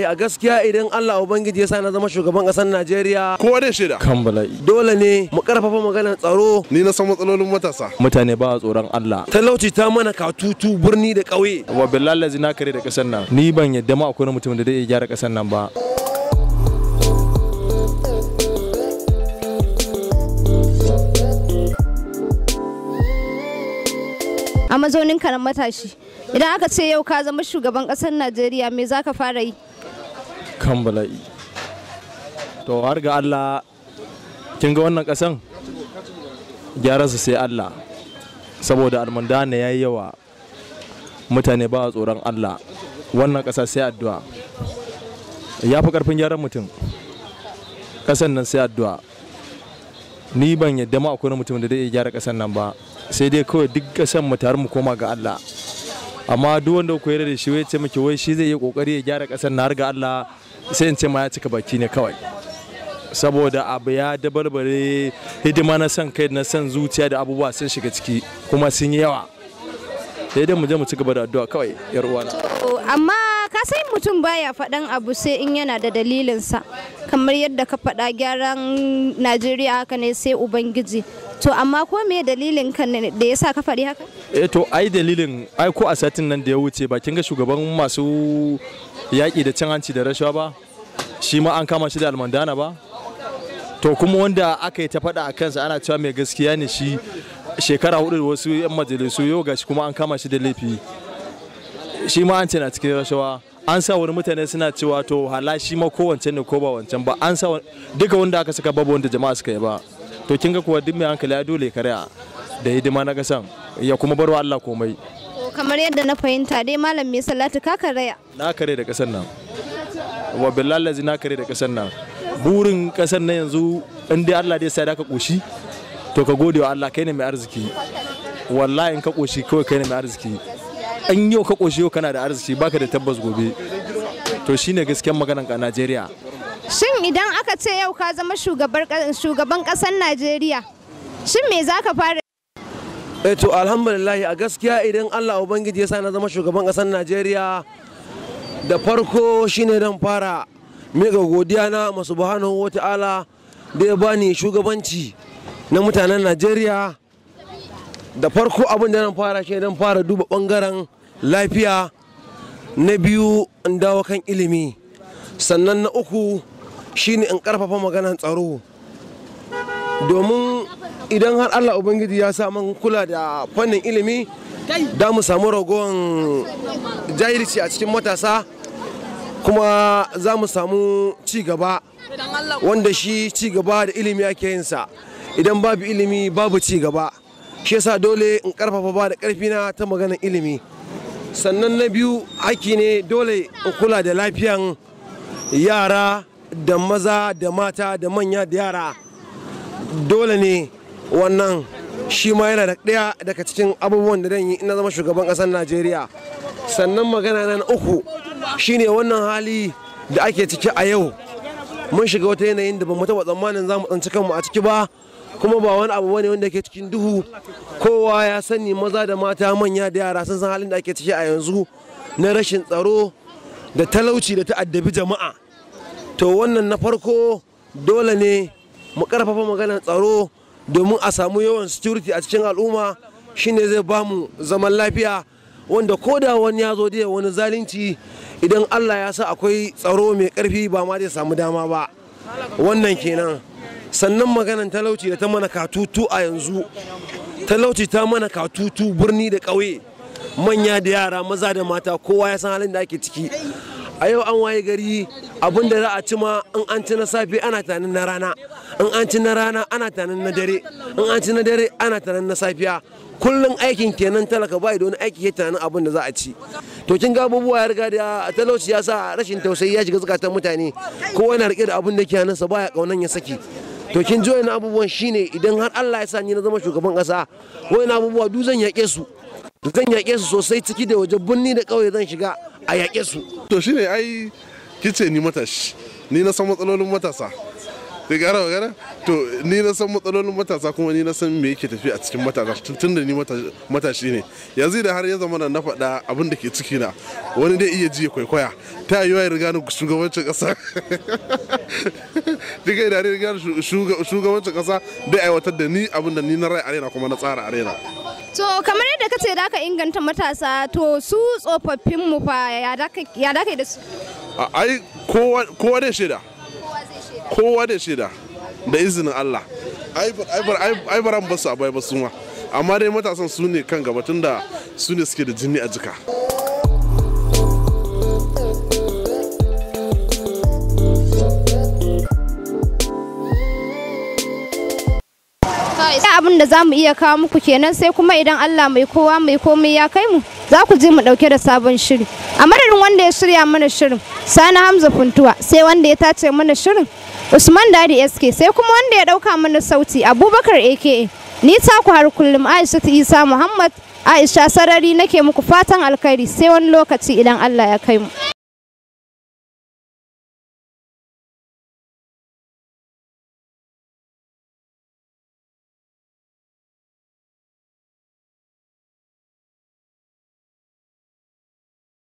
a gaskiya idan Allah Ubangiji ya sa na zama shugaban ƙasar Najeriya ko dai shida kan bala'i dole ne mu karfafa maganar tsaro ni na san matsalolin matasa mutane ba tsoron Allah talauci ta mana katutu birni da ƙauye wa billahi na kare da ƙasar nan ni ban yadda ma akwai mutum da zai gyara ƙasar nan ba a mazaunin karan matashi idan aka ce yau ka zama shugaban ƙasar najeriya me zaka fara yi kan bala'i to har ga allah kin ga wannan kasan gyararsa sai allah saboda ne ya yi yawa mutane ba tsoron allah wannan kasa sai addu'a ya fi karfin gyaran mutum kasan nan sai addu'a ni ban yadda ma akwai mutum da zai gyara kasan nan ba sai dai kawai duk kasan mu tare mu koma ga allah amma duk wanda ku yarda da shi wai ce miki wai shi zai yi kokari ya gyara kasar na harga Allah sai in ce ma ya cika baki ne kawai saboda abu ya dabarbare hidima na san kai na san zuciya da abubuwa sun shiga ciki kuma sun yi yawa sai dai mu je mu ci gaba da addu'a kawai yar uwana amma ka sai mutum baya faɗan abu sai in yana da dalilinsa kamar yadda ka faɗa gyaran najeriya haka ne sai ubangiji to amma ko me dalilin kan da yasa ka faɗi haka eh to ai dalilin ai ko a satin nan da ya wuce ba kin ga shugaban masu yaƙi da cin hanci da rashawa ba shi ma an kama shi da almandana ba to kuma wanda aka yi ta faɗa a kansa ana cewa mai gaskiya ne shi shekara hudu da wasu 'yan majalisu yau gashi kuma an kama shi da laifi shi ma an ce na cikin rashawa an sa wani mutane suna cewa to hala shi ma ko wancan ne ko ba wancan ba an sa duka wanda aka saka babu wanda jama'a suka yi ba to kin ga kuwa duk mai hankali ya dole karya da hidima na kasan ya kuma barwa Allah komai kamar yadda na fahimta dai malam mai salatu ka karaya na kare da kasan nan wa billahi na kare da kasan nan burin kasan nan yanzu in dai Allah dai sai da ka koshi to ka gode wa Allah kai ne mai arziki wallahi in ka koshi kawai kai ne mai arziki in yau ka koshi yau kana da arziki baka da tabbas gobe to shine gaskiyar maganar ka Najeriya Shin idan aka ce yau ka zama shugaban ƙasar Najeriya, shin me za ka fara? Eh to alhamdulillah a gaskiya idan Allah Ubangiji ya sa na zama shugaban ƙasar Najeriya da farko shine don fara miƙa godiya na masu wa ta'ala da ya bani shugabanci na mutanen Najeriya da farko abin da nan fara shi don fara duba ɓangaren lafiya na biyu in dawo kan ilimi sannan na uku shine in karfafa maganar tsaro domin idan har allah ubangiji ya sa man kula da fannin ilimi da mu samu ragowar jahilci a cikin matasa kuma za mu samu ci wanda shi cigaba da ilimi ake yinsa idan babu ilimi babu cigaba gaba shi yasa dole in karfafa ba da karfina ta maganar ilimi sannan na biyu haki ne dole in kula da lafiyan yara da maza da mata da manya da yara dole ne wannan shi ma yana da ɗaya daga cikin abubuwan da yi ina zama shugaban ƙasar najeriya sannan magana nan uku shine wannan hali da ake ciki a yau mun shiga wata yanayin da ba mu taɓa tsammanin za mu tsanci kanmu a ciki ba kuma ba wani abu bane wanda ke cikin duhu kowa ya sani maza da mata manya da yara sun san halin da ake ciki a yanzu na rashin tsaro da talauci da ta'addabi jama'a to wannan na farko dole ne mu karfafa maganar tsaro domin a samu yawan security a cikin al'umma shine zai bamu zaman lafiya wanda ko da wani ya zo da wani zalunci idan allah ya sa akwai tsaro mai karfi ba ma zai samu dama ba wannan kenan sannan maganar talauci da ta mana katutu a yanzu talauci ta mana katutu birni da ƙauye manya da yara maza da mata kowa ya san halin da ake ciki a yau an waye gari abin da za a ci ma in an ci na safe ana tanin na rana in an ci na rana ana tanin na dare in an ci na dare ana tanin na safiya kullum aikin kenan talaka bai da wani aiki ya tunanin abin da za a ci to kin ga abubuwa ya riga da talauci ya sa rashin tausayi ya shiga zukatan mutane kowa yana rike da abin da ke sa baya kaunan ya saki to kin ji wani abubuwan shine idan har Allah ya sa ni na zama shugaban kasa wani abubuwa duk zan yaƙe su zan yaƙe su sosai ciki da waje birni da kauye zan shiga a yaƙe su to shine ai kice ni matashi ni na san matsalolin matasa da gara gara to ni na san matsalolin matasa kuma ni na san me yake tafi a cikin matasa tun da ni matashi ne yanzu da har ya zama na faɗa abin da ke ciki na wani dai iya ji ya kwaikwaya ta yi wayar riga shugabancin ƙasa duk da ne riga shugabancin ƙasa dai aiwatar da ni abin da ni na rai arena kuma na tsara arena to kamar da kace da ka inganta matasa to su tsofaffin mu fa ya da ka da su ai kowa da shaida, kowa da shaida, da izinin Allah ai baran basu abai ba su ma amma dai matasan su ne kan gaba tunda su ne suke da jini a jika Sai abin da za mu iya kawo muku kenan sai kuma idan Allah mai kowa mai komai ya kai mu za ku je mu ɗauke da sabon shiri. A madadin wanda ya shirya mana shirin Sani Hamza Funtuwa sai wanda ya tace mana shirin Usman Dadi SK sai kuma wanda ya ɗauka mana sauti Abubakar AKA. Ni ta ku har kullum Aisha ta Isa Muhammad Aisha Sarari nake muku fatan alkhairi sai wani lokaci idan Allah ya kai mu.